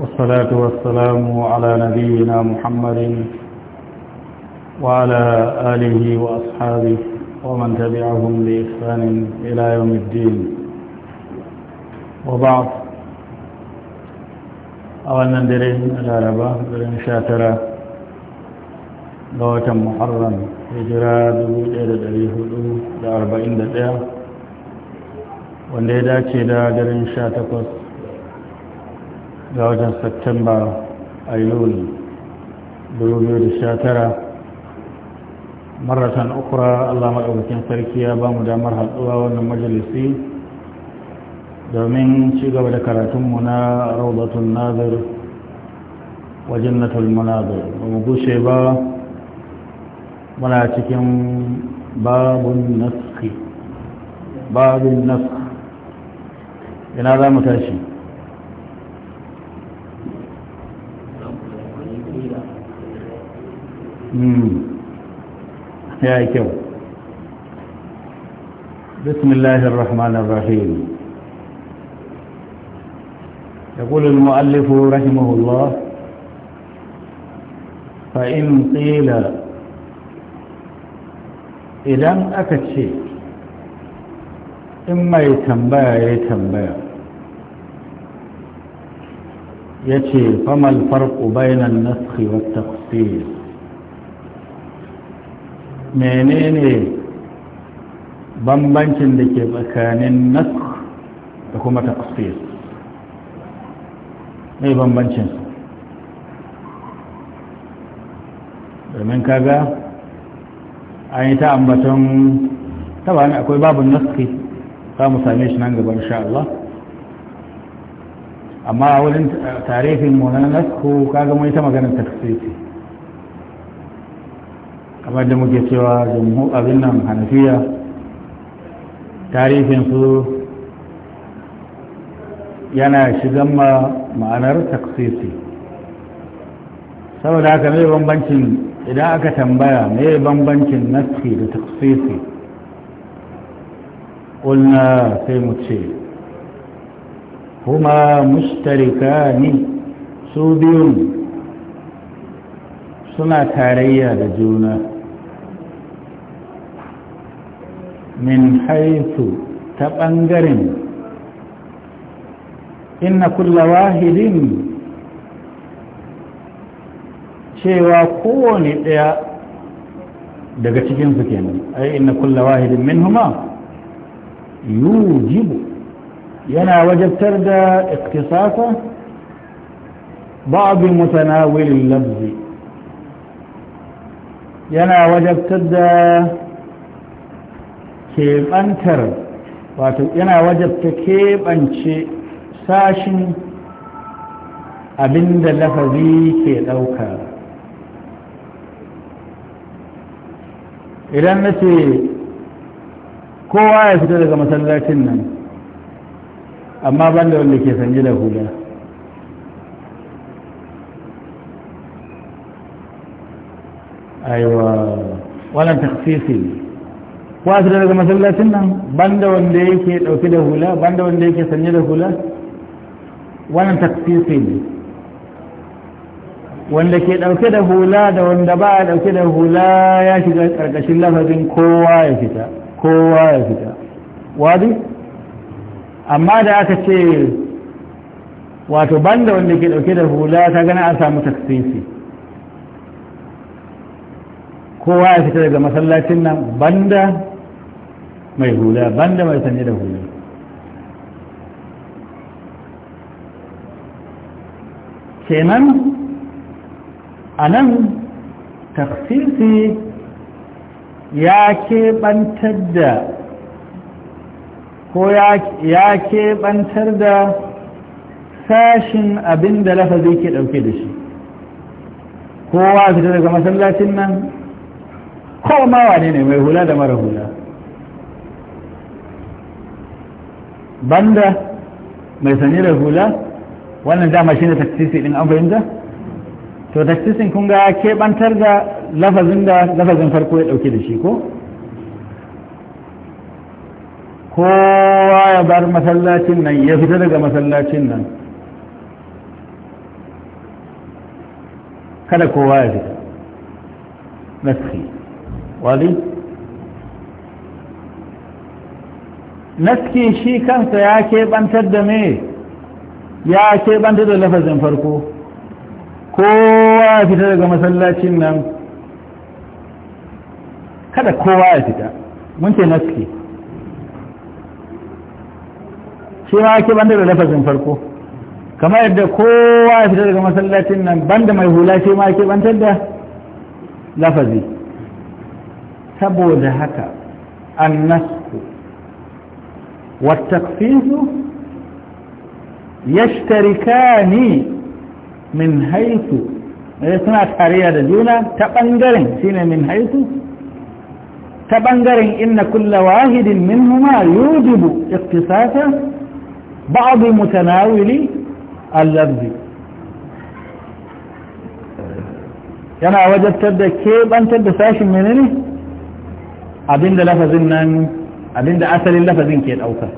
والصلاة والسلام على نبينا محمد وعلى آله وأصحابه ومن تبعهم بإحسان إلى يوم الدين وبعض أولا درين العربة درين شاترة لغة محرم هجرة دبوت إلى دريه دبوت لأربعين دقيقة wanda ya dace da garin sha takwas ga wajen satamba aylul 2019 maratan ukura allah maɗaukakin sarki ya ba mu damar haɗuwa wannan majalisi domin ci gaba da karatunmu na raudatun nazir wajen natul munazir ba mu gushe ba muna cikin babun naski babun naski ina za mu tashi بسم الله الرحمن الرحيم يقول المؤلف رحمه الله فإن قيل إذا إذن شيء إما يتنبى يتنبى يتشي فما الفرق بين النسخ والتقصير menene bambancin da ke tsakanin nasu da kuma tafsir mai bambancin domin kaga an yi ta ambaton tabani akwai babin naski za mu same shi nan gaba insha Allah amma wurin tarifin mu na nasku kaga mun yi ta maganar tafsiri kamar da muke cewa jumhu abin nan hanafiya tarihinsu yana shigan ma ma'anar taksisi saboda haka mai bambancin idan aka tambaya mai bambancin naski da taksisi ƙulna sai mu ce kuma mushtarika ne su biyun suna tarayya da juna min haitu ta ɓangaren inna kulla wahidin cewa kowane ɗaya daga cikinsu kenan ai inna kulla wahidin min huma yujibu yana wajabtar da iktisasa ba'abin mutanawilin labzi yana wajabtar da keɓantar wato yana wajabta keɓance sashin abinda lafazi ke ɗauka idan na ce kowa ya fita daga masallacin nan amma banda wanda ke sanji da hula aiwa wannan taksisi ne wasu daga masallacin nan banda wanda yake dauke da hula banda wanda yake sanye da hula wannan taksisi ne wanda ke dauke da hula da wanda ba a dauke da hula ya shiga karkashin lafazin kowa ya fita kowa ya fita wadi amma da aka ce wato banda wanda ke dauke da hula ta gana a samu taksisi kowa ya fita daga masallacin nan banda mai hula banda mai sanye da hula kenan a nan tafsisi ya keɓantar da ko ya keɓantar da sashin abin da lafazi ke ɗauke da shi kowa fita daga masallacin nan ko ma wane ne mai hula da mara hula banda mai sanye da hula wannan dama shine taksisi din an fahimta to taksisin kun ga keɓantar da lafazin da lafazin farko ya ɗauke da shi ko kowa ya bar masallacin nan ya fita daga masallacin nan kada kowa ya fita nafi wali naski shi kansa ya kebantar da me ya keɓantar da lafazin farko kowa ya fita daga masallacin nan kada kowa ya fita mun ce naski shi ma ya kebantar da lafazin farko kamar yadda kowa ya fita daga masallacin nan banda mai hula shi ma ya kebantar da lafazi saboda haka annasku watakfizu yashtarikani min haitu suna tariya da juna ta ɓangaren shine min haitu ta ɓangaren inna kulla wahidin min huma yujibu iktisasa ba'adu mutanawili allabzi yana wajabtar da keɓantar da sashin menene abinda lafazin nan abinda asalin lafazin ke dauka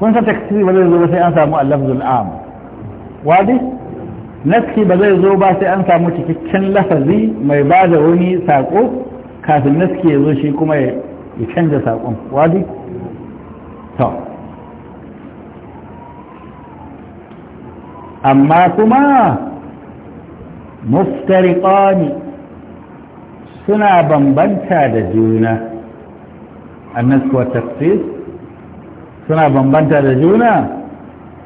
kun sa taksiri ba zai zo ba sai an samu al-lafzul am wadi naski ba zai zo ba sai an samu cikakken lafazi mai ba da wani sako kafin naski ya zo shi kuma ya canza sakon wadi to amma kuma muftariqani suna bambanta da juna annas wa tafsir suna bambanta da juna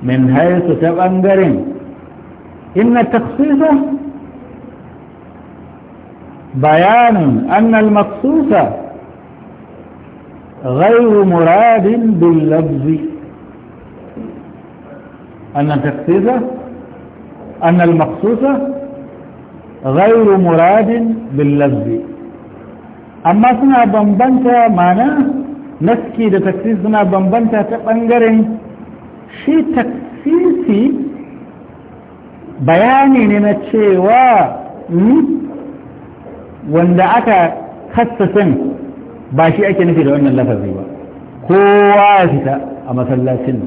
min haisu ta bangaren inna tafsisa bayanin annal maksusa غير مراد باللفظ أن التخصيص أن المخصوصة ghairu muradin bil lafzi amma suna bambanta mana naski da taksisi suna bambanta ta ɓangaren shi taksisi bayani ne na cewa wanda aka kassasin ba shi ake nufi da wannan lafazi ba kowa ya fita a masallacin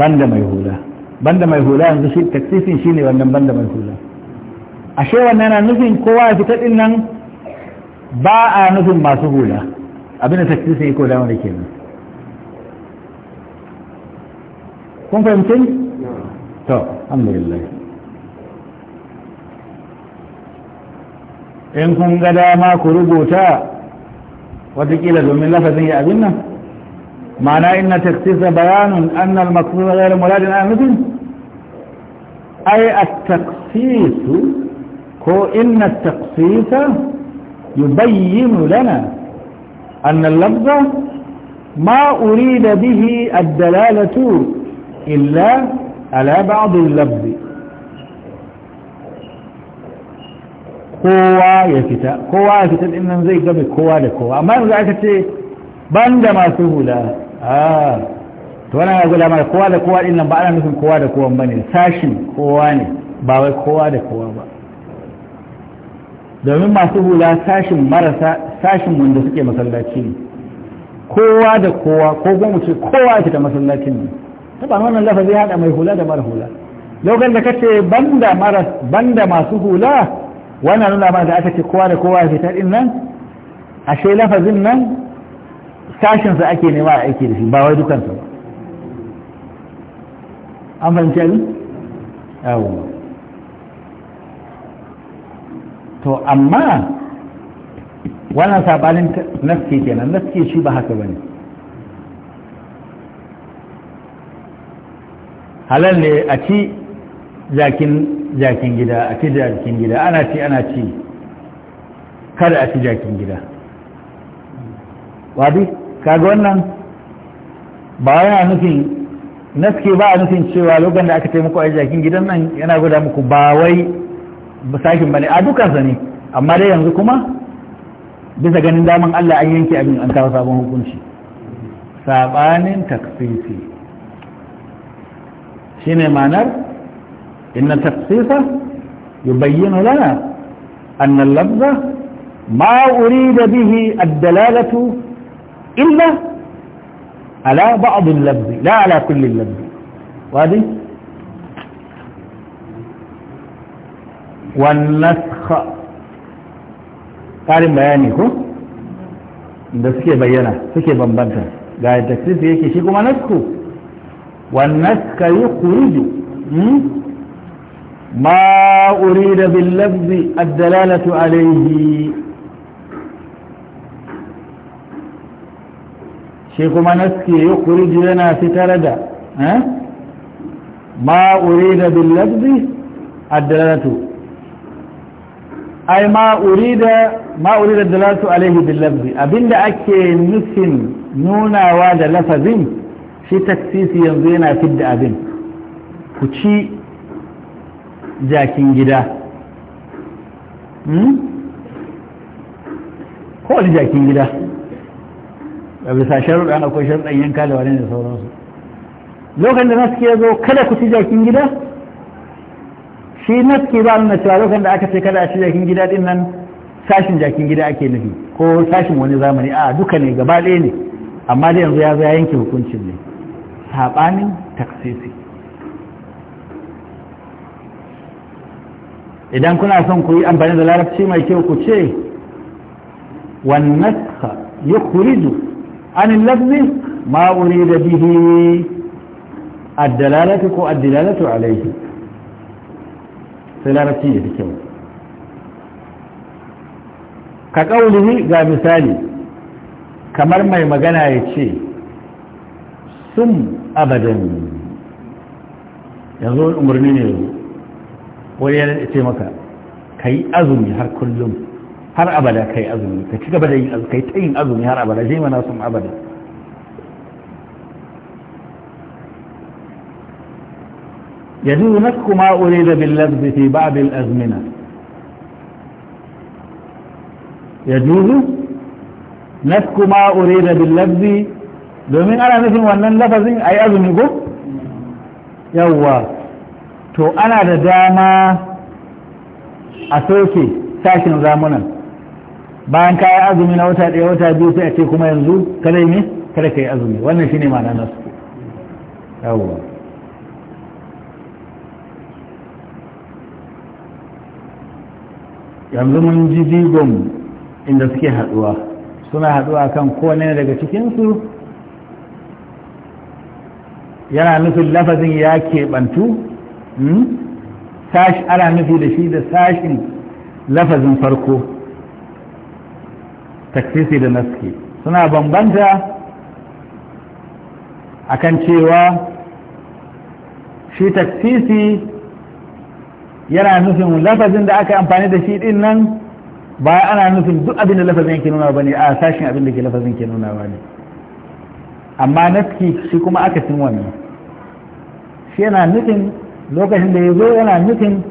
banda mai hula banda mai hula yanzu shi shi shine wannan banda mai hula ashe wannan na nufin kowa ya fita din nan ba a nufin masu hula abin da taksifin ko da ke kenan kun fahimci to alhamdulillah in kun ga dama ku rubuta watakila domin lafazin ya abin nan ma'ana inna taksisa bayanun annal maqsud ghayr muradin an nufin أي التقسيس كو إن التقسيس يبين لنا أن اللفظ ما أريد به الدلالة إلا على بعض اللفظ كوا كتاب كوا كتاب إنما زي قبل كوا لكوا أما نزيد كتاب بندما سهولة آه to wannan ya gula mana kowa da kowa din nan ba ana nufin kowa da kowa bane sashin kowa ne ba wai kowa da kowa ba domin masu hula sashin marasa sashin wanda suke masallaci ne kowa da kowa ko kuma ce kowa ya fita masallacin ne taban wannan lafazi zai hada mai hula da mara hula lokacin da kace banda maras banda masu hula wannan nuna ma da aka ce kowa da kowa ya fita din nan ashe lafazin nan sashin sa ake nema a aiki da shi ba wai dukansa ba an fahimci abin to amma wannan sabanin naske kenan naske shi ba haka bane halal ne a ci jakin jakin gida a ci jakin gida ana ci ana ci kada a ci jakin gida wadi kaga wannan ba yana nufin naske ba a nufin cewa lokacin da aka ce muku a jakin gidan nan yana guda muku ba wai sakin bane a dukansa ne amma dai yanzu kuma bisa ganin daman Allah an yanke abin an kawo sabon hukunci sabanin taksisi shine ma'anar inna taksisa yubayyinu lana anna al-lafza ma urida bihi ad-dalalatu illa على بعض اللفظ لا على كل اللفظ وهذه والنسخ ƙarin bayani ko da suke bayyana suke bambanta ga taksisi yake shi kuma nasku والنسك يخرج ما أريد باللفظ الدلالة عليه shi kuma naske ya kurji yana fitar da eh? ma urida bil lafzi ad ai ma urida ma urida dalalatu alaihi bil abinda ake nufin nunawa da lafazin shi taksisi yanzu yana fidda abin ku ci jakin gida hmm? ko wani jakin gida a bisa na akwai sharuɗan yanka da wani da sauransu lokacin da naski ya zo kada ku ci jakin gida shi naski ba nuna cewa lokacin da aka ce kada a ci jakin gida din nan sashin jakin gida ake nufi ko sashin wani zamani a duka ne gaba ɗaya ne amma da yanzu ya zo ya yanke hukuncin ne saɓanin taksisi idan kuna son ku yi amfani da larabci mai kyau ku ce wannan yukhriju عن اللفظ ما أريد به الدلالة كو الدلالة عليه سلالتي بكو كقوله قال مثالي kamar mai magana ya ce sun abadan yanzu umarni ne yanzu wani yana ce maka ka yi azumi har kullum har abada kai azumi ka ci gaba da yin azumi kai ta yin azumi har abada zai mana sun abada yanzu na kuma ma da bil lafzi fi ba'd al azmina na kuma ma da bil lafzi domin ana nufin wannan lafazin a yi azumi ko yawwa to ana da dama a soke sashin zamunan bayan kayan azumi na wata ɗaya wata biyu sai a ce kuma yanzu kada yi ne kada ka yi azumi wannan shi ma ma'ana nasu yawon yanzu mun ji digon inda suke haɗuwa suna haɗuwa kan kowane daga cikinsu yana nufin lafazin ya keɓantu hmm? ana nufi da shi da sashin lafazin farko takfisi da naski suna bambanta akan cewa shi takfisi yana nufin lafazin da aka amfani da shi din nan ba ana nufin duk abin da lafazin ke nuna ba ne a sashin abin da ke lafazin ke nuna ba ne amma naski shi kuma aka cin wannan shi yana nufin lokacin da ya zo yana nufin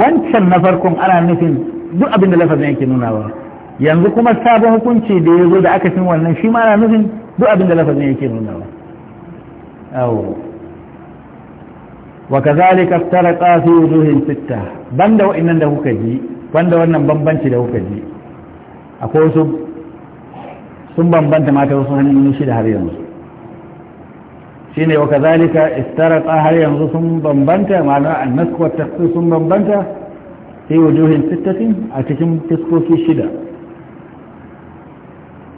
wancan na farkon ana nufin duk abin da lafazin yake nuna ba yanzu kuma sabon hukunci da ya zo da aka cin wannan shi ma na nufin duk abin da lafazin yake nuna ba wa kazalika tarqa fi wujuhin sitta banda wa'annan da kuka ji ban da wannan bambanci da kuka ji akwai wasu sun bambanta mata wasu hanyoyi shida har yanzu Shi ne wa kazalika istaraqa har yanzu sun bambanta ma'ana annas ta sun bambanta fi wujuhin sittatin a cikin fiskoki shida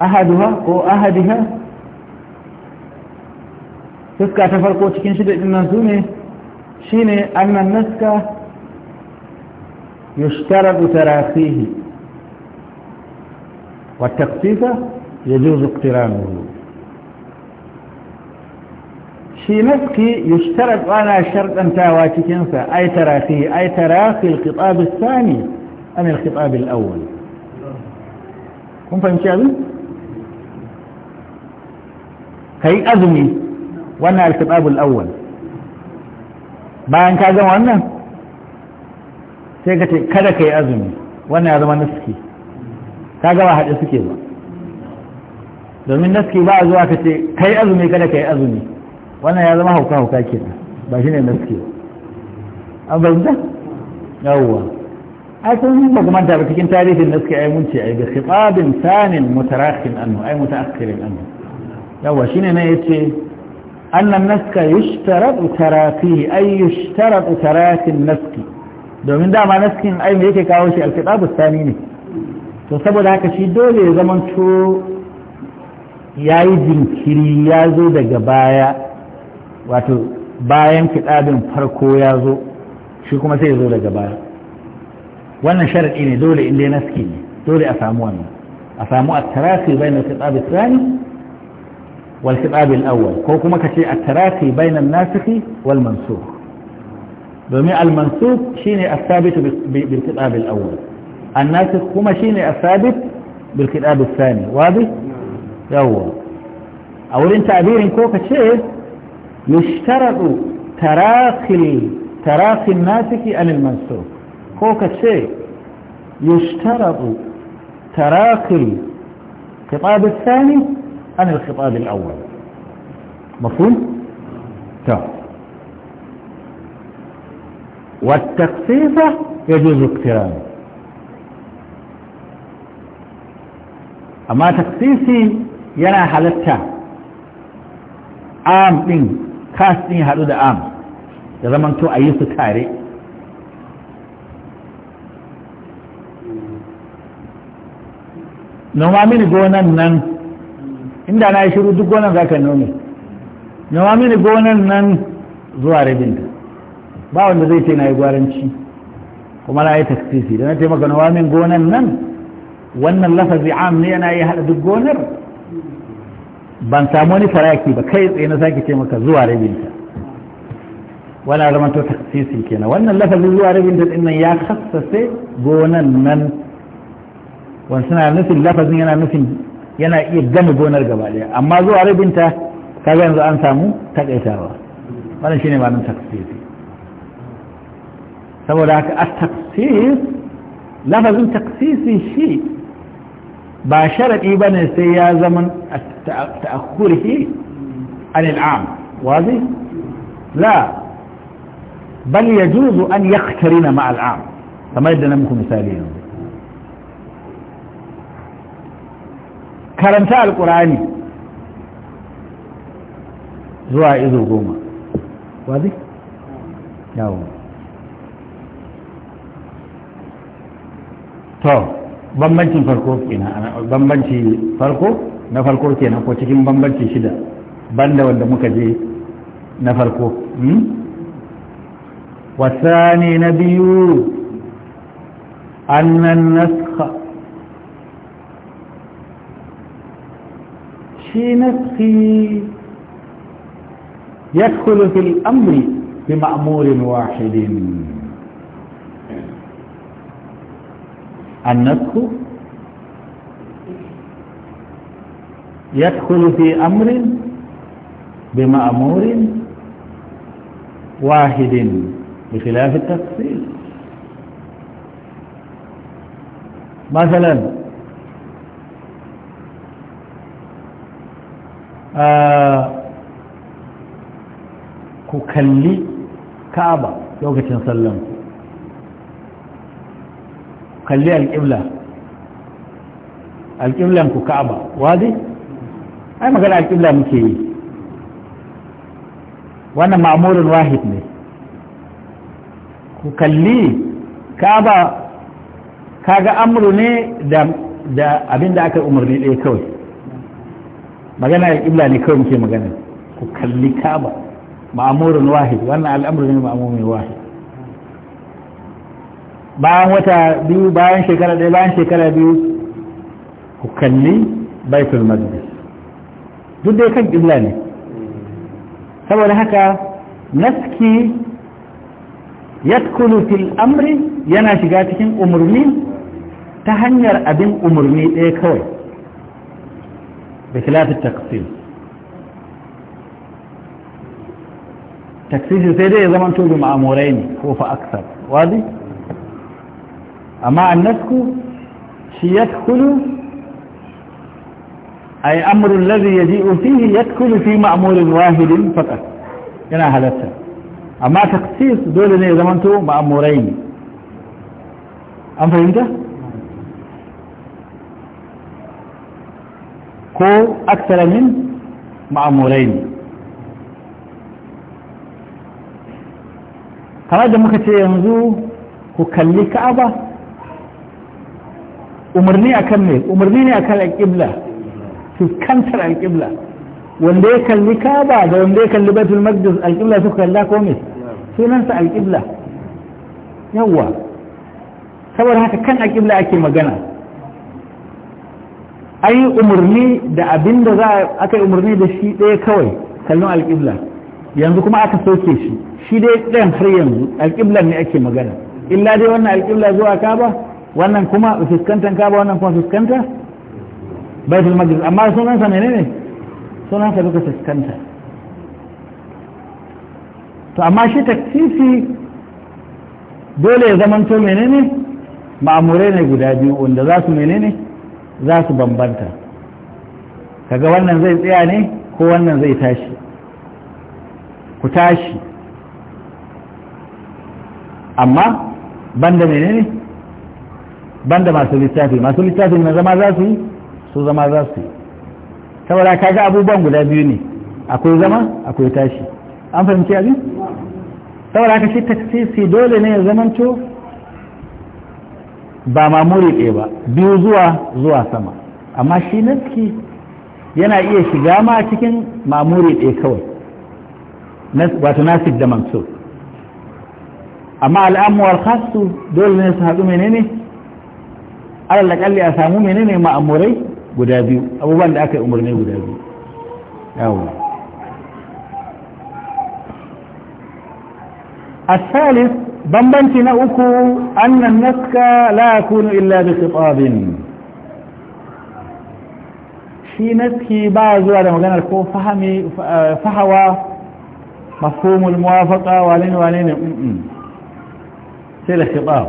أحدها كو أحدها فسكة تفرقو تكين شدئ النسوني شيني أن النسكة يشترق تراخيه والتقسيف يجوز اقترانه شي نسكي يشترق على شرط أن تاواتي كنسا أي تراخيه أي تراخي الخطاب الثاني أم الخطاب الأول كم فهمت يا Ka yi azumi wannan al-kitabul awwal bayan ka gama wannan sai ka ce kada yi azumi wannan ya zama naski ka gama haɗe suke ba domin naski ba a zuwa ka ce kai azumi kada ka yi azumi wannan ya zama hauka hauka kenan ba shine naski ba an bayyana yawwa ai kun ba kuma ta cikin tarihin da ai mun ce ai bi khitabin sanin mutarakhin anhu ai mutaakhirin anhu yawa shine ne yace annan naska yushtaratu tarafihi ay yushtaratu tarafin naski domin dama naskin ai me yake kawo shi alkitabu sani ne to saboda haka shi dole ya zamanto yayi jinkiri ya zo daga baya wato bayan kitabin farko ya zo shi kuma sai ya zo daga baya wannan sharaɗi ne dole inda ya naski ne dole a samu wannan a samu a tarafi bai na kitabu sani والكتاب الأول كوكما كشي التراخي بين الناسخ والمنسوخ بمع المنسوخ شيني الثابت بالكتاب الأول الناسخ كما شيني الثابت بالكتاب الثاني واضح؟ يوه أولين تعبير كوكا شيء يشترط تراخي تراخي الناسخ عن المنسوخ كوكا شيء يشترط تراخي الكتاب الثاني أنا الخطاب الأول مفهوم؟ تمام طيب. والتقصيفة يجوز اقتران أما تخصيصي ينا حالتها عام دين خاص دين حدود عام إذا ما أنتو أي كاري نوامين جونا ننس inda na yi shiru duk gonan za ka nome nawa mini gonan nan zuwa rabinta ba wanda zai ce na yi gwaranci kuma na yi taksisi da na ce maka nawa min gonan nan wannan lafazi am ne yana yi haɗa duk gonar ban samu wani faraki ba kai tsaye na sake ce maka zuwa rabinta wani zama to taksisi kenan wannan lafazin zuwa rabinta ɗin nan ya kassase gonan nan wani suna nufin lafazin yana nufin yana iya gama gonar gaba daya amma zuwa rabinta kaga yanzu an samu takaitawa wannan shine ma'anar taksir saboda haka at-taksir lafazin taksisi shi ba sharadi bane sai ya zama ta'akhurhi an al'am wazi la bal yajuzu an yaqtarina ma al'am kamar yadda na muku misali yanzu karanta alkurani zuwa izo goma wazi? yawo to bambancin farko kenan bambanci farko na farko kenan ko cikin bambanci shida banda wanda muka je na farko hmm? ne na biyu annan nasu في نفسي يدخل في الأمر بمأمور واحد النسخ يدخل في أمر بمأمور واحد بخلاف التفصيل مثلا ku kalli ka'aba lokacin sallan ku kalli alƙibla alƙiblan ku ka'aba wadi ai magana alƙibla muke yi wannan ma'amurin wahid ne ku kalli ka'aba kaga amru ne da abinda aka umarni ɗaya kawai magana ya ƙibla ne kawai muke magana ku kalli kaba ma'amurin wahid wannan al'amurin ne ma'amurin wahid bayan wata biyu bayan shekara ɗaya bayan shekara biyu ku kalli baitul maqdis duk dai kan ƙibla ne saboda haka naski yadkulu fil amri yana shiga cikin umarni ta hanyar abin umarni ɗaya kawai بخلاف التقسيم تكسيس سيدي إذا ما أنتم بمعمورين هو فأكثر واضح أما النسك شي يدخل أي أمر الذي يجيء فيه يدخل في معمول واحد فقط هنا هذا أما تقسيس دول إذا ما أنتم معمورين أم فهمت؟ ko aksara min ma'amurai ne kamar da muka ce yanzu ku kalli ka'aba umarni akan ne umarni ne akan alƙibla al-qibla, wanda ya kalli ka'aba da wanda ya kalli baitul maqdis alƙibla su kalla ko me sunansa al-qibla, yawa saboda haka kan al-qibla ake magana an yi umarni da abin da za a kai umarni da shi ɗaya kawai kallon alƙibla yanzu kuma aka soke shi shi dai ɗayan har yanzu alƙiblan ne ake magana illa dai wannan alƙibla zuwa kaba wannan kuma fuskantar kaba wannan kuma fuskanta baitul maqdis amma sunansa menene sunansa duka fuskanta to amma shi takfifi dole ya zamanto menene ma'amurai ne guda biyu wanda za su menene za su bambanta kaga wannan zai tsaya ne ko wannan zai tashi ku tashi amma banda menene banda masu littafi masu littafi na zama za su yi su zama za su yi saboda kaga abubuwan guda biyu ne akwai zama akwai tashi an fahimci abin saboda ka shi taksisi dole ne ya zamanto ba ma muri ɗaya ba biyu zuwa zuwa sama amma shi naski yana iya shiga ma cikin mamuri ɗaya kawai wato nasib da mansur amma al'amuwar khasu dole ne su haɗu menene alalakalli a samu menene ma'amurai guda biyu abubuwan da aka yi umarni guda biyu yawo salis bambanci na uku annan naska la yakunu illa bi khitabin shi naski ba zuwa da maganar ko fahami fahawa mafhumul muwafaqa walin walin sai da khitab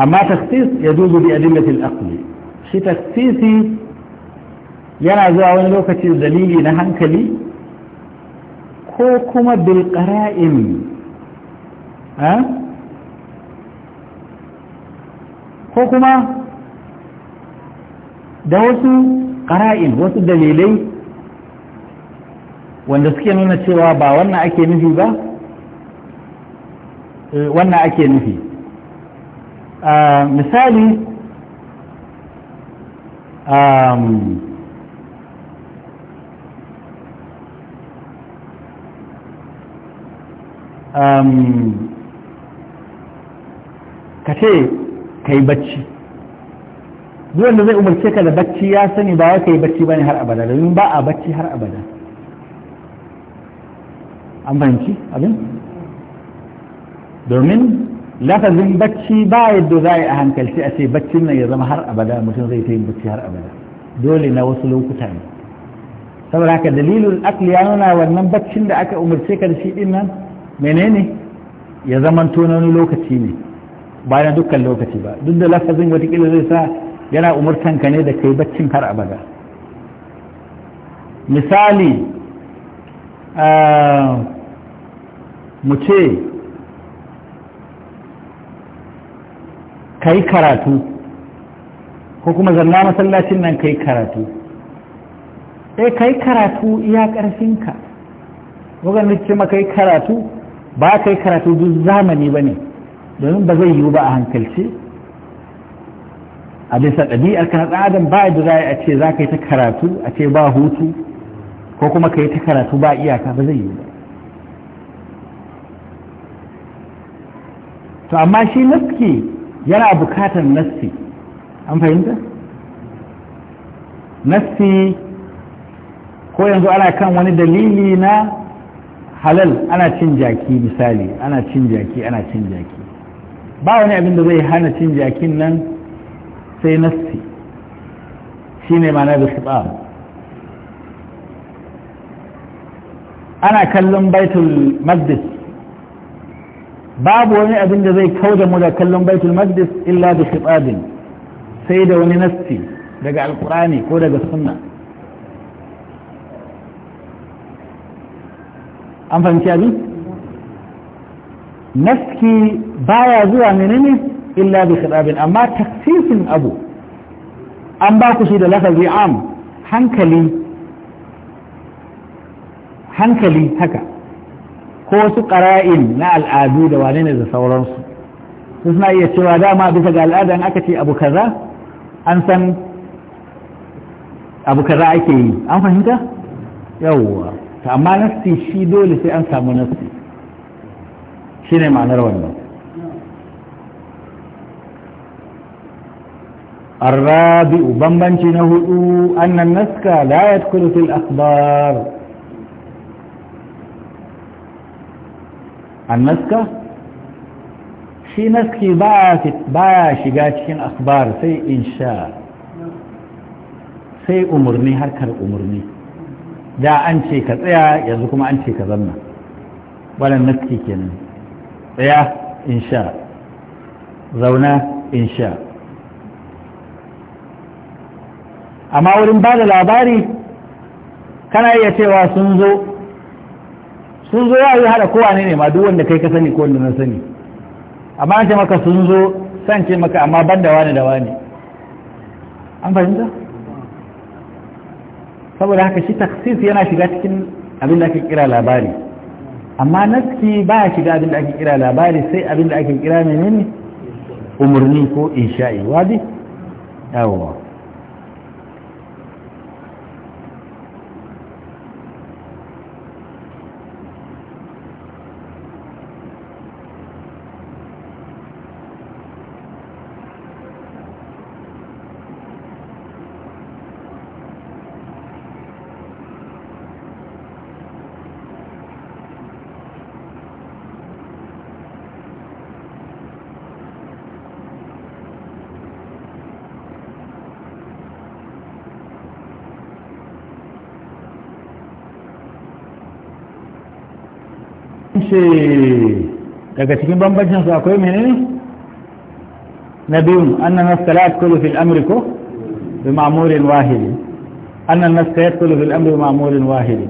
أما تخصيص يجوز بأدلة الأقل شي تخصيصي yana zuwa wani lokaci dalili na hankali ko kuma bilkara'in ko kuma da wasu ƙara'in wasu dalilai wanda suke nuna cewa ba wannan ake nufi ba eh, wannan ake nufi ah, misali um, ka ce ka yi bacci duwan da zai umarce ka da bacci ya sani ba wai ka yi bacci ba ne har abada domin ba a bacci har abada an fahimci abin domin lafazin bacci ba yadda za a hankalci a ce baccin nan ya zama har abada mutum zai ta yin bacci har abada dole na wasu lokuta ne saboda haka dalilin akli ya nuna wannan baccin da aka umarce ka da shi din nan menene ya zaman na lokaci ne ba na dukkan lokaci ba duk da lafazin watakila zai sa yana ka ne da kai baccin har abada misali ah, mu ce ka yi karatu ko kuma zanna masallacin nan ka yi karatu e ka yi karatu iya ƙarfinka wagan ce maka yi karatu ba kai karatu duk zamani ba ne domin ba zai yiwu ba a hankalce a bisa ɗabi'ar kan adam ba da za a ce za ka yi ta karatu a ce ba hutu ko kuma ka yi ta karatu ba iyaka ba zai yiwu ba to amma shi naski yana bukatar naski an fahimta naski ko yanzu ana kan wani dalili na halal ana cin jaki misali ana cin jaki ana cin jaki ba wani abin da zai hana cin jakin nan sai nassi shi ne mana da su ana kallon baitul maqdis babu wani abin da zai kauda mu da kallon baitul maqdis illa da shiɓadin sai da wani nassi daga alkurani ko daga sunna an fahimci abi naski baya zuwa menene illa bi khidabin amma taksisin abu an ba ku shi da lafazi am hankali hankali haka ko wasu ƙara'in na al'adu da wane ne da sauransu su suna iya cewa dama bisa ga al'ada in aka ce abu kaza an san abu kaza ake yi an fahimta yawwa to amma nasti shi dole sai an samu nasti shi ne ma'anar wannan الرابع بمبنش نهدو أن النسك لا يدخل في الأخبار النسك shi naski baya shiga cikin akhbar sai sha, sai umarni harkar umarni da an ce ka tsaya yanzu kuma an ce ka zanna wannan naski kenan tsaya insha zauna insha amma wurin ba da labari kana iya cewa sun zo sun zo ya yi hada kowa ne ma duk wanda kai ka sani ko wanda na sani amma an ce maka sun zo san ce maka amma ban da wani da wani an fahimta saboda haka shi taksis yana shiga cikin abin da ake kira labari amma naski ba ya shiga abin da ake kira labari sai abin da ake kira menene umarni ko insha'i wadi yawwa ce daga cikin bambancin akwai menene na biyun annan naskala yadkhulu fil amri ko bi ma'murin wahidi annan naskala yadkhulu fil amri bi ma'murin wahidi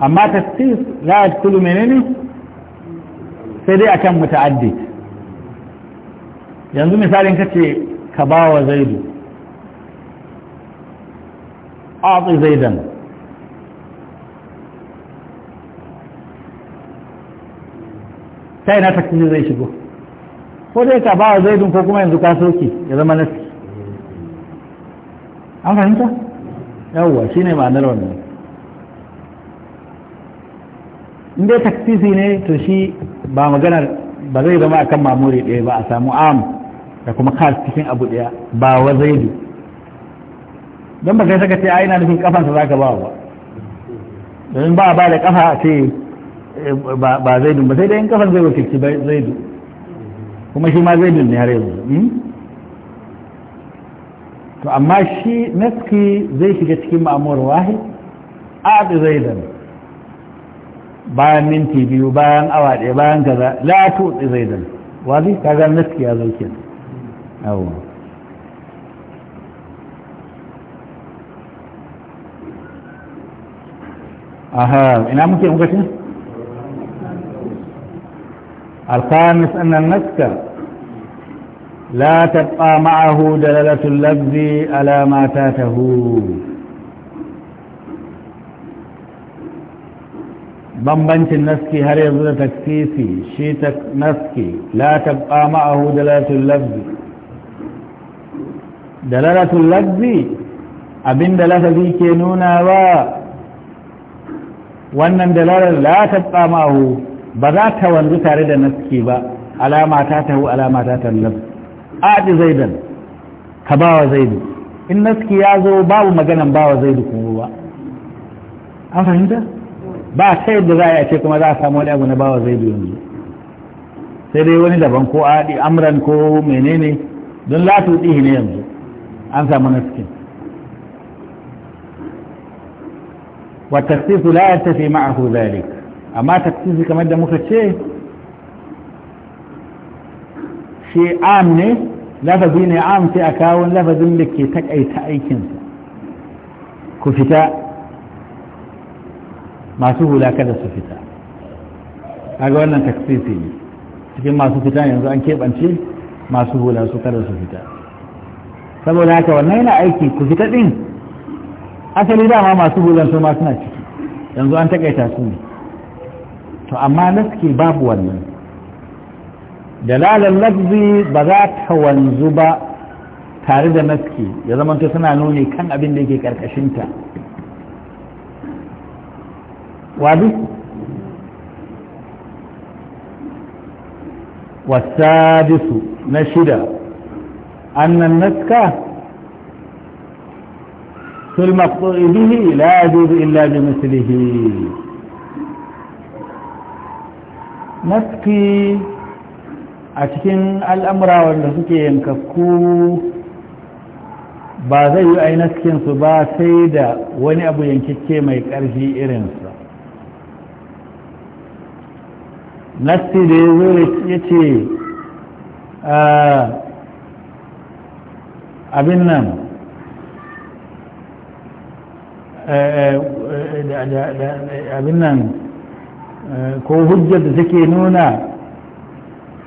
amma ta tasqis la yadkhulu menene sai dai a akan muta'addi yanzu misalin kace ka bawa zaidu a'ti zaidan ta ina taksisi zai shigo ko zai ka bawa zai ko kuma yanzu ka soke ya zama nasi an fahimta yawwa shine ma'anar wannan in dai taksisi ne to shi ba maganar ba zai zama akan mamuri ɗaya ba a samu am da kuma kas cikin abu ɗaya ba wa zaidu don ba kai saka ce a ina nufin kafansa za ka ba wa domin ba ba da kafa a ce ba zaidun ba sai dai in kafan zai wakilci zaidu kuma shi ma zaidun ne har yanzu hmm? to amma shi naski zai shiga cikin ma'amuwar wahi a da zaidan bayan minti biyu bayan awa ɗaya bayan gaza la tuɗi zaidan ka kaga naski ya zauke aha ina muke muka الخامس أن النسك لا تبقى معه دلالة اللفظ على ما فاته بمبنت النسك هل يظل تكسيسي شيتك نسك لا تبقى معه دلالة اللفظ دلالة اللفظ أبن دلالة ذي كنونا و وأن دلالة لا تبقى معه ba za ta wanzu tare da naski ba alama ta tahu alama ta tallaf adi zaidan ka ba wa zaidu in naski ya zo babu maganan ba wa zaidu kuma ba an fahimta ba ta yadda za a ce kuma za a samu wani abu na ba wa zaidu yanzu sai dai wani daban ko adi amran ko menene don latu dihi ne yanzu an samu Wa والتخصيص لا ينتفي ma'ahu ذلك amma tafsiri kamar da muka ce shi am ne lafazi ne am sai a kawo lafazin da ke takaita aikinsa ku fita masu hula kada su fita a ga wannan taksisi ne cikin masu fita yanzu an keɓance masu hula su kada su fita saboda haka wannan yana aiki ku fita ɗin asali dama masu hulan su ma suna ciki yanzu an takaita su ne to amma naski babu wannan dalalar lafzi ba za ta wanzu ba tare da naski ya zama ta suna nuni kan abin da yake karkashinta wadu wasadisu na shida annan naska sulmaƙo'idihi la yajuzu illa bi mislihi naski a cikin al'amura wanda suke yankakku ba zai yi ai naskinsu ba sai da wani abu yankakke mai ƙarfi irinsa Naski da ya zo ya ce abin nan eh, eh, eh, abin nan ko hujjar da take nuna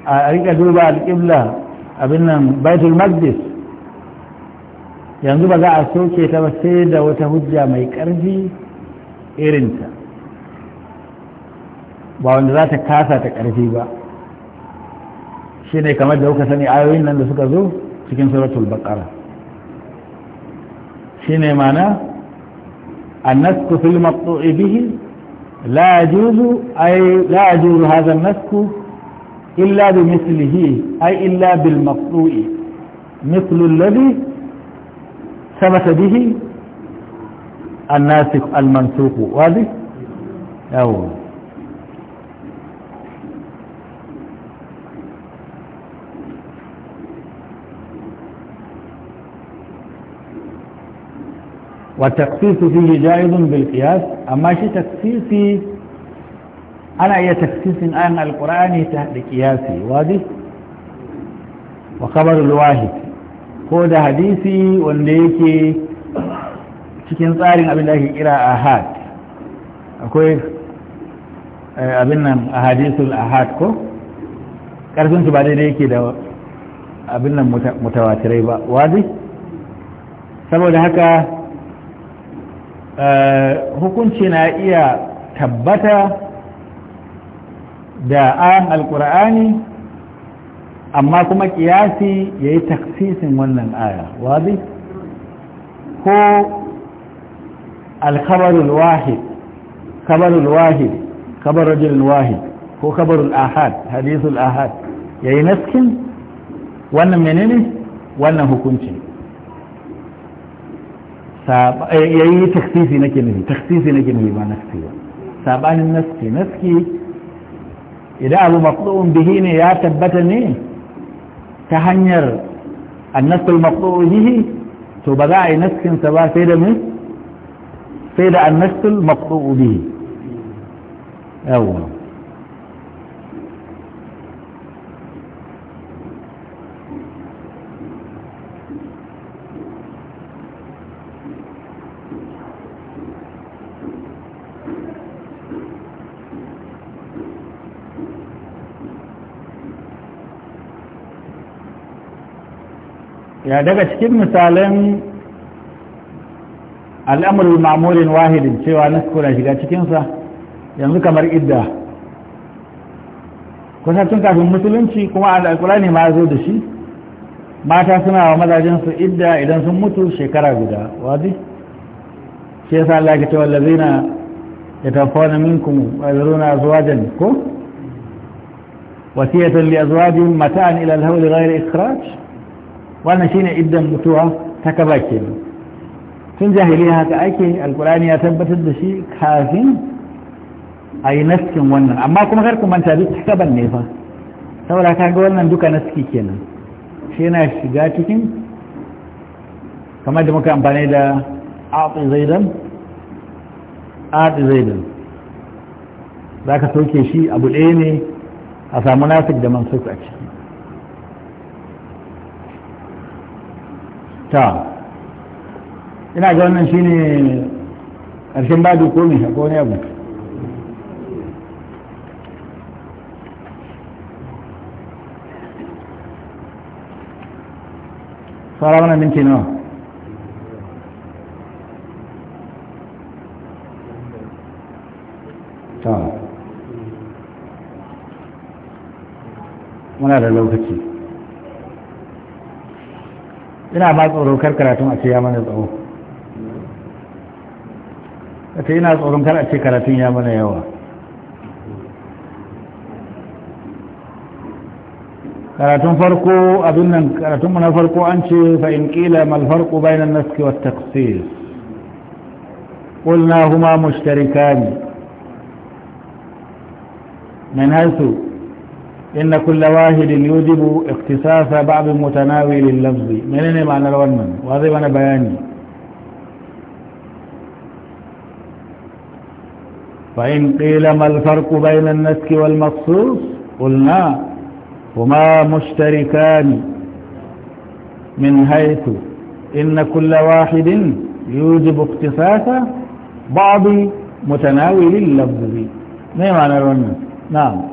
a rika duba alƙibla abin nan baitul maqdis yanzu ba za a soke ta ba sai da wata hujja mai ƙarfi irinta ba wanda za ta kasa ta ƙarfi ba shi ne kamar da kuka sani ayoyin nan da suka zo cikin suratul baqara shi ne mana annasku fil maqtu'i bihi لا يجوز أي لا يجوز هذا المسك إلا بمثله أي إلا بالمقطوع مثل الذي ثبت به الناسخ المنسوخ وهذه والتخصيص فيه جائز بالقياس أما شي تخصيصي أنا هي تخصيص الآن القرآن تهد قياسي واضح ko الواحد هو ده حديثي وانديكي cikin tsarin abin da ake kira ahad akwai abin nan ahadisul ahad ko karfin ba daidai yake da abin nan mutawatirai ba wadi saboda haka Eh, hukunci na iya tabbata da ayan alkur'ani amma kuma kiyasi ya yi taksisin wannan aya wazi ko alkabarul wahid kabarul wahid kabar wahid ko kabarul ahad hadisul ahad ya yi naskin wannan menene wannan hukuncin yayi taksisi nake nufi taksisi nake nufi ba nafsi ba sabanin nafsi nafsi idan abu maqdu'un bihi ne ya tabbata ne ta hanyar annasul maqdu'u bihi to ba za a yi nafsin sa ba sai da mu sai da annasul maqdu'u bihi yawwa ya daga cikin misalin al'amurin mamurin wahidin cewa nisku na shiga cikinsa yanzu kamar idda kusa tun kafin musulunci kuma al'akulani ma zo da shi mata suna wa mazajensu idda idan sun mutu shekara guda wadi shi yasa Allah ke cewa lazina ya tafona minkum wa zaruna azwajan ko wasiyatan li azwajihim mata'an ila al-hawl ghayr ikhraj wannan shine iddan mutuwa ta kaba kenan tun jahiliya haka ake alkurani ya tabbatar da shi kafin a yi naskin wannan amma kuma kar ku manta duk kaban ne fa saboda ka ga wannan duka naski kenan shi yana shiga cikin kamar da muka amfani da aɗi zaidan aɗi zaidan za ka sauke shi abu ɗaya ne a samu nasik da mansuk a ciki ta ina ga wannan ne ƙarshen badu ko ne. shako ne abu fara wannan minti nawa ta muna da lokaci ina ma tsoron kar karatun a ce ya mana tsawo ce ina tsoron kar a ce karatun ya mana yawa karatun farko abin nan karatunmu na farko an ce fa'in ƙila malfarko bayanan naski wa taksir ƙulna huma mashtarika ne na haisu إن كل واحد يوجب اقتصاص بعض متناول اللفظ من أين معنى الورمن وهذا معنى بياني فإن قيل ما الفرق بين النسك والمخصوص قلنا هما مشتركان من حيث إن كل واحد يوجب اقتصاص بعض متناول اللفظ ما معنى الورمن نعم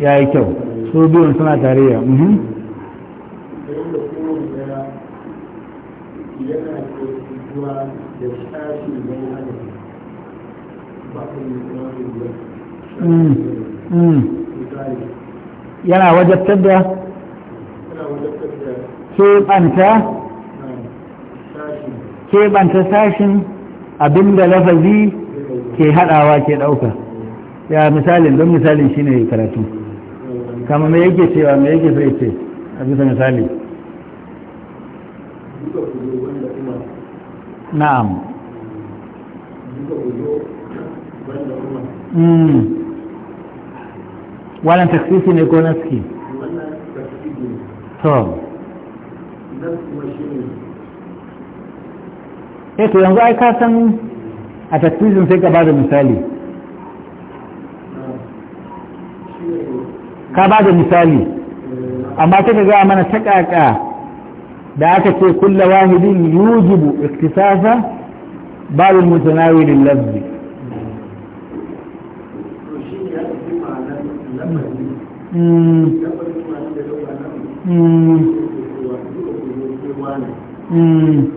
ya yi kyau su biyun suna tarayya mhm. mm. Mm. yana wajabtar da keɓanta keɓanta sashin abinda lafazi ke haɗawa ke ɗauka ya misalin don misalin shine karatu kama mai yake cewa mai yake sai ce a bisa misali na'am hmm. wannan taksisi ne ko naski to eto eh, yanzu ai ka san a taksisin sai ka ba da misali ka ba da misali amma ta ga mana ta kaka da aka ce kulla wahidin yujibu iktisasa babu mutanawilin lafzi Mm. mm. mm.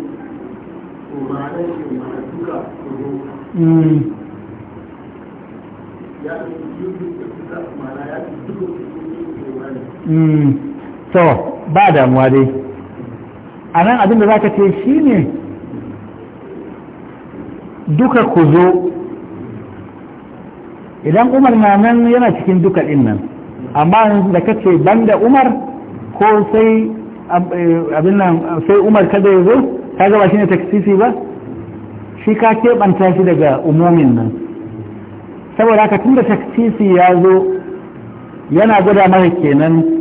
mm. to mm. ba damuwa dai a nan abinda za ka ce shi ne duka ku zo idan umar na nan yana cikin duka ɗin nan amma da ka ce banda umar ko sai eh, abin nan sai umar kada ya zo ka gaba shi ne taksisi ba shi ka keɓanta shi daga umomin nan saboda haka tun da taksisi ya zo yana gwada mara kenan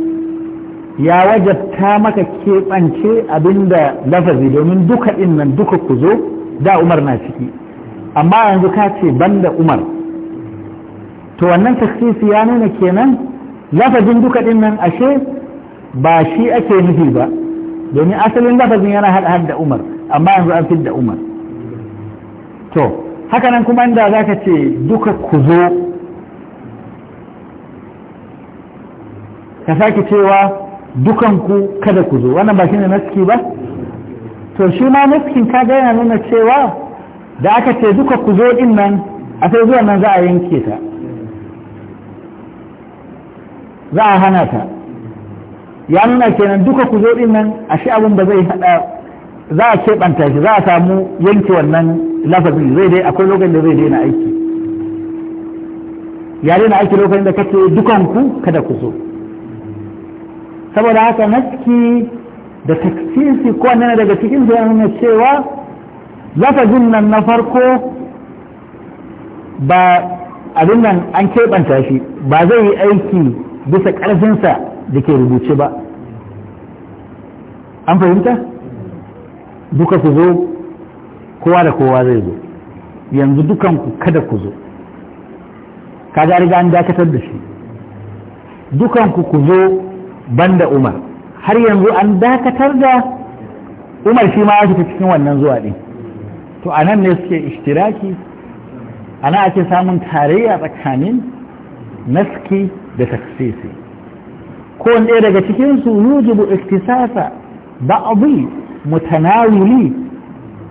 ya wajabta maka keɓance abinda lafazi domin duka ɗin nan duka ku zo da umar na ciki amma yanzu ka ce banda umar to wannan taksisi ya nuna kenan lafazin duka ɗin nan ashe ba shi ake nufi ba domin asalin lafazin yana haɗa da umar amma yanzu an fidda umar to hakanan nan kuma inda za ka ce duka ku zo ka sake cewa dukanku kada ku zo wannan ba shi ne naski ba to shi ma naskin ka ga yana nuna cewa da aka ce duka ku zo din nan a sai zuwan nan za a yanke ta za a hana ta ya nuna kenan duka ku zo din nan a shi abin ba zai hada za a keɓanta shi za a samu yanke wannan lafazin zai dai akwai lokacin da zai daina aiki ya daina aiki lokacin da kace dukanku kada ku zo saboda haka naski da taksisi ko nana daga cikin da nuna cewa lafazin nan na farko ba abin nan an keɓanta shi ba zai yi aiki bisa ƙarfinsa da ke rubuce ba an fahimta duka ku zo kowa da kowa zai zo yanzu dukanku kada ku zo kaga riga an dakatar da shi dukanku ku zo banda umar har yanzu an dakatar da umar shi ma ya fita cikin wannan zuwa ɗin to a nan ne suke ishtiraki ana ake samun tarayya tsakanin naski da taksisi ko ɗaya daga cikinsu bu iktisasa ba'adhi mutanawili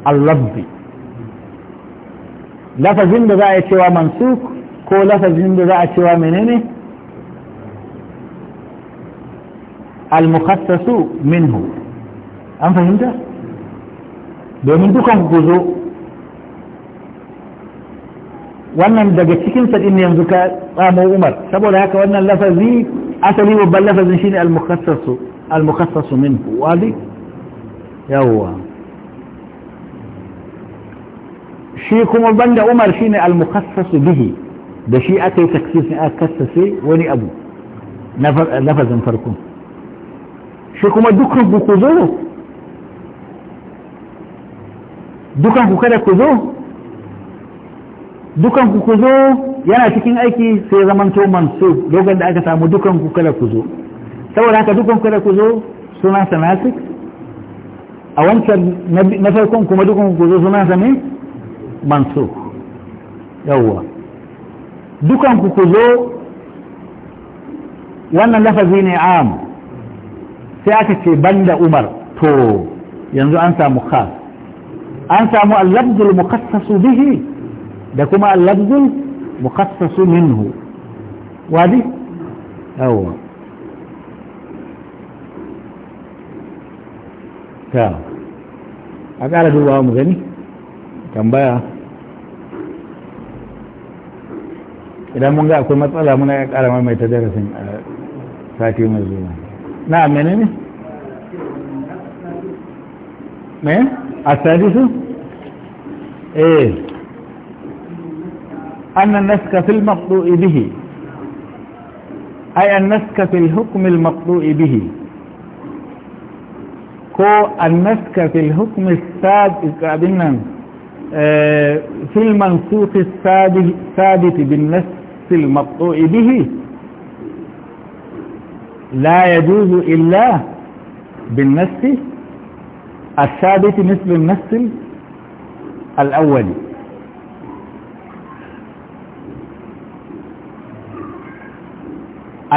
al lafazin da za a cewa mansuk ko lafazin da za a cewa menene al minhu an fahimta domin dukan ku zo wannan daga cikin sadin ne yanzu ka tsamo umar saboda haka wannan lafazi asali babban lafazin shi ne mukhassasu al minhu wali yawwa shi kuma banda umar shi ne mukhassasu bihi da shi aka yi taksisi aka kassase wani abu lafazin farko shi kuma dukkan ku ku zo dukkan ku kada ku zo dukkan ku ku zo yana cikin aiki sai man so dogon da aka samu dukkan ku kada ku zo saboda haka dukkan ku kada ku zo sunan sanatik a wancan na farkon kuma dukkan ku zo sunan sa ne yawwa dukkan ku ku zo wannan lafazi ne am sai aka ce banda umar to yanzu an samu ka an samu allabdul mukassasu bihi da kuma allabdul mukassasu minhu wadi yawwa ta a ƙara dubawa mu gani tambaya idan mun ga akwai matsala muna ya ƙara ta darasin a sati mai zuwa نعم منين من السادس ايه ان النسك في المقضوء به اي النسك في الحكم المقضوء به كو النسك في الحكم السادس قابلنا آه، في المنسوخ الثابت بالنسك المقطوع به لا يجوز إلا بالنفس الثابت مثل النفس الأول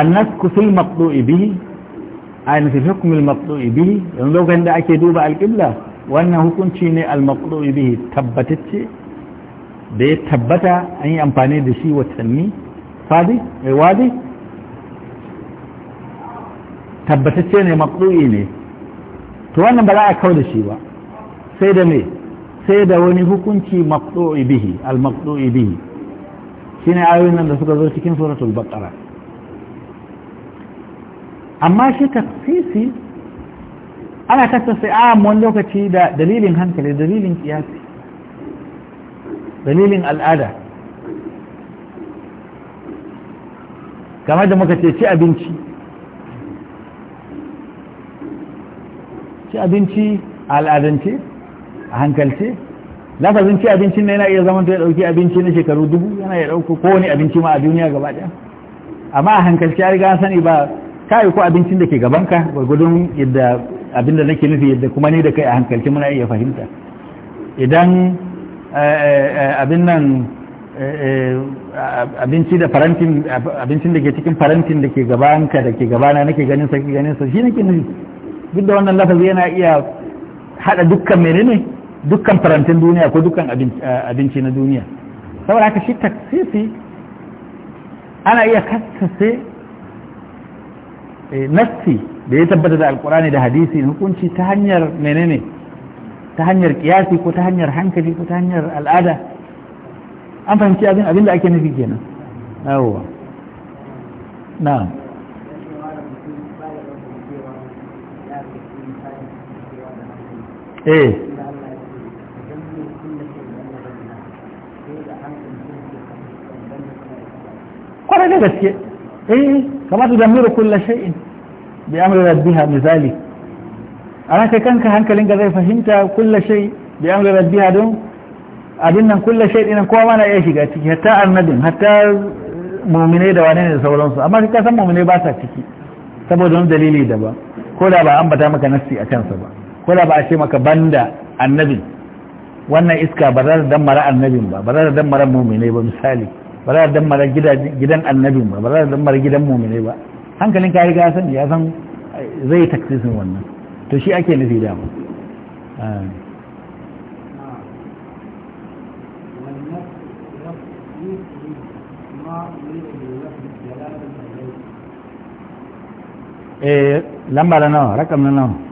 النسك في المطلوع به أين في حكم المطلوع به ينظر عند أكيدوب القبلة وأنه كنت شيني المطلوع به تبتت ده تبت أي يأمباني دشي وتسمي فادي إيه، وادي tabbatacce ne maɓu'i ne to wannan ba za a kau da shi ba sai da ne sai da wani hukunci maɓu'i bihi al-maɓu'i bihi shi ne ayoyin nan da suka zo cikin suratul baqara amma shi tafsisi ana sai a wani lokaci da dalilin hankali dalilin kiyasi dalilin al'ada kamar da muka ce ci abinci ci abinci a al'adance a hankalce lafazin ci abincin na yana iya zama ya ɗauki abinci na shekaru dubu yana ya ɗauko kowane abinci ma a duniya gaba ɗaya amma a hankalce ya riga sani ba kayi ko abincin da ke gabanka gwargwadon yadda abin da nake nufi yadda kuma ni da kai a hankalce muna iya fahimta idan eh, eh, abin nan eh, abinci da farantin abincin da ke cikin farantin da ke gabanka da ke gabana nake ganin sa ganin sa shi nake nufi duk da wannan lafazi yana iya hada dukkan menene dukkan farantin duniya ko dukkan eh, abinci na duniya saboda haka shi taksisi ana iya kasance eh, nassi da ya tabbata da alkurani da hadisi hukunci ta hanyar menene ta hanyar kiyasi ko ta hanyar hankali ko ta hanyar al'ada an fahimci abin da ake nufi kenan na'am eh kwarai da gaske eh kamar su damiru kulla shay'in bi amri rabbiha misali ana kai kanka hankalin ga zai fahimta kulla shai, bi amri rabbiha don abin nan kulla shai dinan kowa mana ya shiga ciki hatta annabin hatta mu'mine da wane ne da sauransu amma ka san mu'mine ba sa ciki saboda wani dalili daban ko da ba ambata maka nassi a kansa ba ko da ba a ce maka banda annabin wannan iska ba za ta dammara annabin ba ba za ta dammara mumine ba misali ba za ta dammara gidan annabin ba ba za ta dammara gidan mumine ba hankalin ka riga san ya san eh, zai taksisin wannan to shi ake nufi mu ah. eh lamba nawa rakam nawa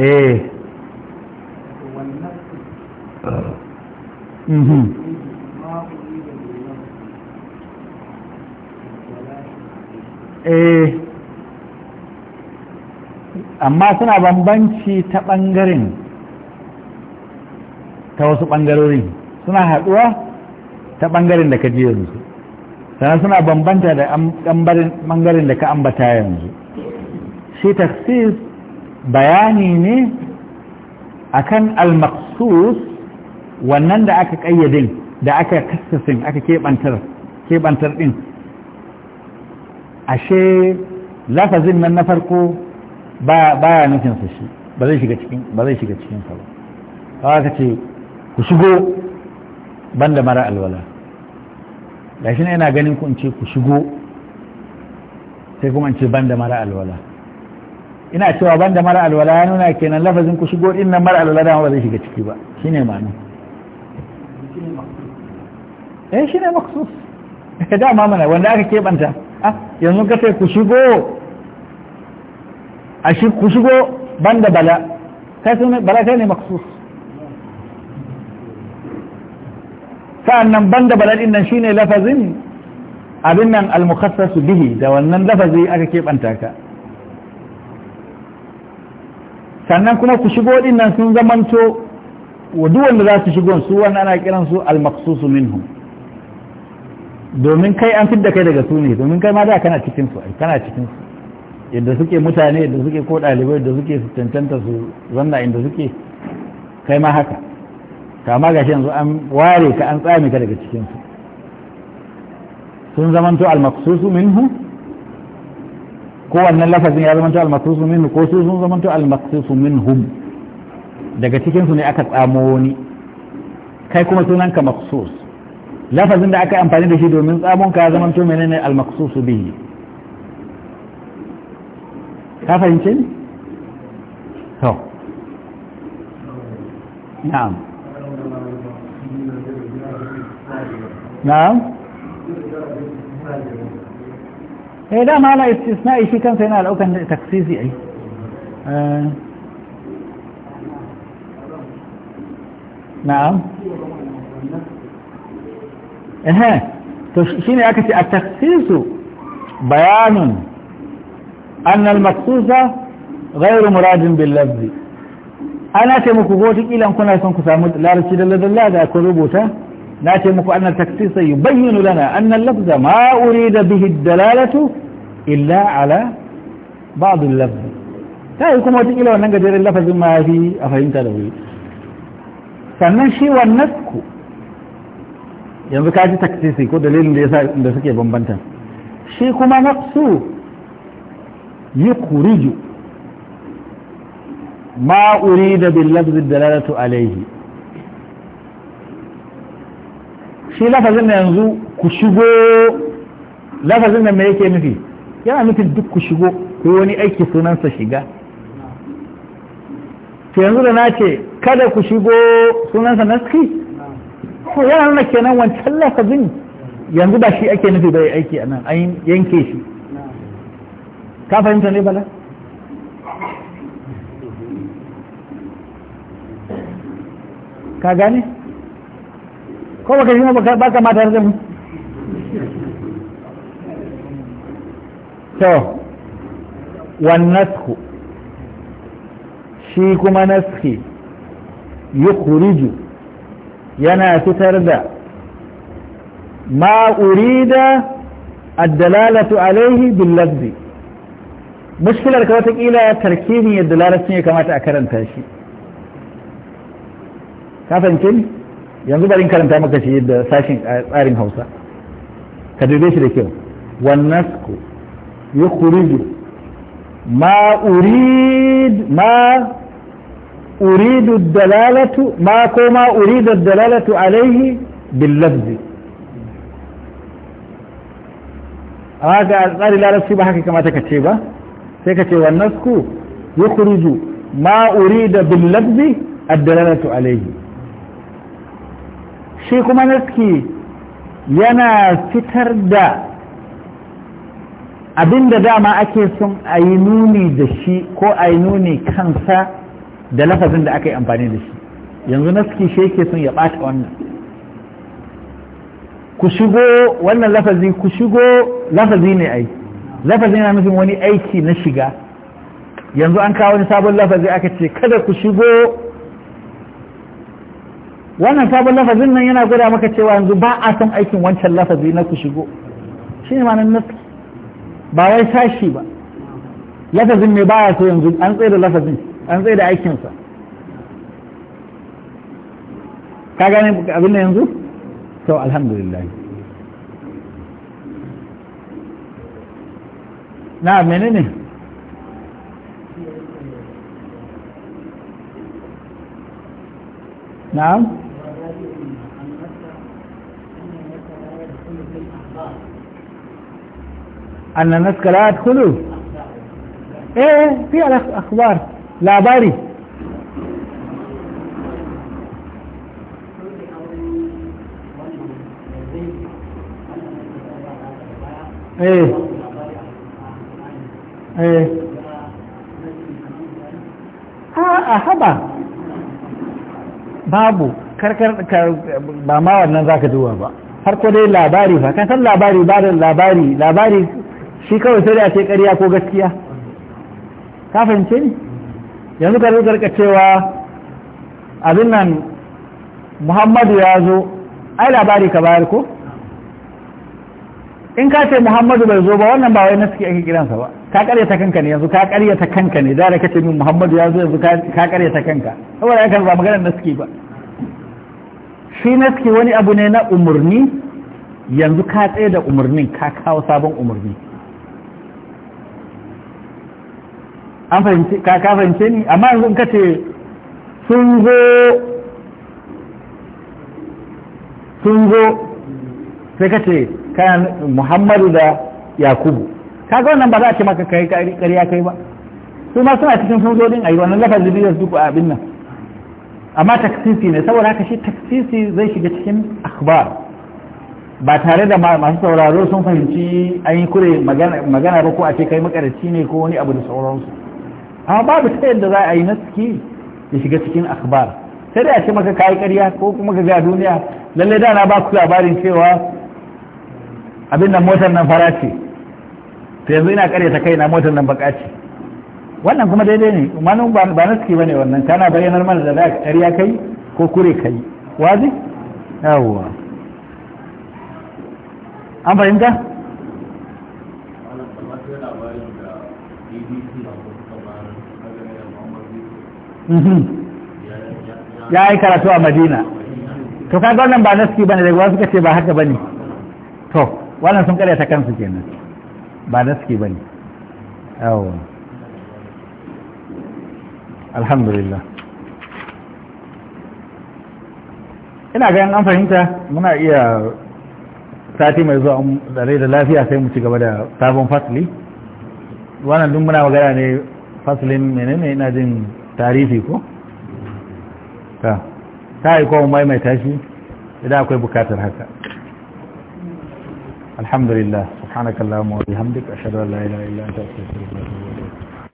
Eh. Mm-hmm. eh amma suna bambanci ta ɓangaren ta wasu ɓangarorin suna haɗuwa ta ɓangaren da ka ji yanzu sannan suna bambanta da ɓangaren da ka ambata yanzu shi taksis. bayani ne akan al-maqsus wannan da aka kayyadin da aka kassasin aka kebantar kebantar din ashe lafazin nan na farko ba ya nufin su shi ba zai shiga cikin ba zai shiga cikin sa ba ka ce ku shigo banda mara alwala gashi ne ina ganin ku in ce ku shigo sai kuma in ce banda mara alwala ina cewa banda mara alwala ya nuna kenan lafazin ku shigo din nan mara alwala dama ba zai shiga ciki ba shine ma'ana eh shine maksus ka eh, da ma mana wanda aka keɓanta, ah yanzu ka sai ku shigo a shi ku shigo banda bala kai sun bala kai ne maksus sa'annan banda bala din nan shine lafazin abin nan al-mukhassas bihi da wannan lafazi aka kebanta ka sannan kuma ku shigo din nan sun zamanto duk wanda za su shigo su wannan ana kiran su al-maqsusu minhum domin kai an fidda kai daga su ne domin kai ma da kana cikin su ai kana cikin su yadda suke mutane yadda suke ko dalibai yadda suke su tantanta su zanna inda suke kai ma haka kama gashi yanzu an ware ka an tsame ka daga cikin su sun zamanto al-maqsusu minhum ko wannan lafazin ya zamanto al-maqsusu minhu ko su sun zamanto al minhum daga cikin su ne aka tsamo wani kai kuma sunan ka maqsus lafazin da aka amfani da shi domin tsamon ka zamanto menene al-maqsusu bihi ka fahimce ni to na'am na'am eh dama ana istisna'i shi kansa yana daukan taksisi ai eh. na'am to shine aka ce a taksisu bayanun anna maksusa gairu muradin bil ana taimako muku goti kilan kuna son ku samu larabci dalla dalla da ku rubuta na ce muku annal taksisa yubayyinu lana annal lafza ma da bihi dalalatu illa ala ba'd al-lafz ta yi kuma wata kila wannan gajeren lafazin ma fi a fahimta da wuri sannan shi wannan ku yanzu kaji ji taksisi ko dalilin da yasa da suke bambanta shi kuma naqsu yukuriju ma da bil lafzi dalalatu alaihi. shi lafazin na yanzu ku shigo lafazin nan me yake nufi yana nufin duk ku shigo ku yi wani aiki sunansa shiga to yanzu da na ce kada ku shigo sunansa naski ko yana nuna kenan wancan lafazin yanzu ba shi ake nufi bai aiki a nan an yanke shi ka fahimta ne bala ka gane ko baka yi ba ba mata da mu to wannasku shi kuma naski yukhriju yana fitar da ma urida ad-dalalatu alayhi bil lafzi mushkilar ka watakila tarkibin yadda larabcin ya kamata a karanta shi ka fahimce ni yanzu bari karanta maka shi da sashin tsarin hausa ka dube shi da kyau wannasku yukhriju ma urid ma uridu dalalatu ma ko ma uridu dalalatu alaihi bil lafzi amma ga tsari larabci ba haka kamata ka ce ba sai ka ce wannasku yukhriju ma urida bil lafzi ad-dalalatu alaihi shi kuma naski yana fitar da abin da dama ake sun a yi nuni da shi ko a yi nuni kansa da lafazin da aka yi amfani da shi yanzu naski shi yake sun ya ɓata wannan ku shigo wannan lafazi ku shigo lafazi ne ai lafazi yana nufin wani aiki na shiga yanzu an kawo wani sabon lafazi aka ce kada ku shigo wannan sabon lafazin nan yana gwada maka cewa yanzu ba a san aikin wancan lafazi na ku shigo shi ne manan nasu ba wai sashi ba lafazin ne baya so yanzu an tsaye da lafazin an tsaye da aikinsa ka gane abin da yanzu to alhamdulillah na menene ne نعم أن الناس لا يدخلوا ايه في أخبار labari eh eh a haba babu karkar ba ma wannan zaka duba ba har ko dai labari ba kan san labari ba da labari labari shi kawai sai da ce ƙarya ko gaskiya ka fahimce ni yanzu ka rika cewa abin nan muhammadu ya zo ai labari ka bayar ko in ka ce muhammadu bai zo ba wannan ba wai na suke ake kiransa ba ka ta kanka ne yanzu ka ta kanka ne da ka ce min muhammadu ya zo yanzu ka ta kanka saboda yakan ba maganar na suke ba shi na suke wani abu ne na umarni yanzu ka tsaye da umarnin ka kawo sabon umarni an fahimci ka fahimce ni amma yanzu in kace sun zo sun zo sai kace kayan Muhammadu da Yakubu kaga wannan ba za a ce maka kai ƙarya kai ba su ma suna cikin a ayi wannan lafazin da su a abin nan amma taksisi ne saboda haka shi taksisi zai shiga cikin akhbar ba tare da masu sauraro sun fahimci an yi kure magana ba ko a ce kai makarici ne ko wani abu da sauransu amma babu ta yadda za a yi naski ya shiga cikin akhbar sai dai a ce maka kayi ƙarya ko kuma ga duniya lalle da na ba ku labarin cewa abin nan motar nan fara ce to yanzu ina ta kai na motar nan baka ce wannan kuma daidai ne umarnin ba naski bane wannan kana bayyanar mana da za ka ƙarya kai ko kure kai wazi yawwa an fahimta Mhm. ya yi karatu a madina to kaga wannan ba naski bane daga wasu kace ba haka bane to wannan sun ta kansu kenan ba naski bane yawa alhamdulillah ina ga an fahimta muna iya sati mai zuwa da rai da lafiya sai mu ci gaba da sabon fasli wannan duk muna magana ne faslin menene ina jin tarihi ko? ta ta yi kowa mai tashi idan akwai bukatar haka alhamdulillah subhanakallah wa bihamdika ashhadu an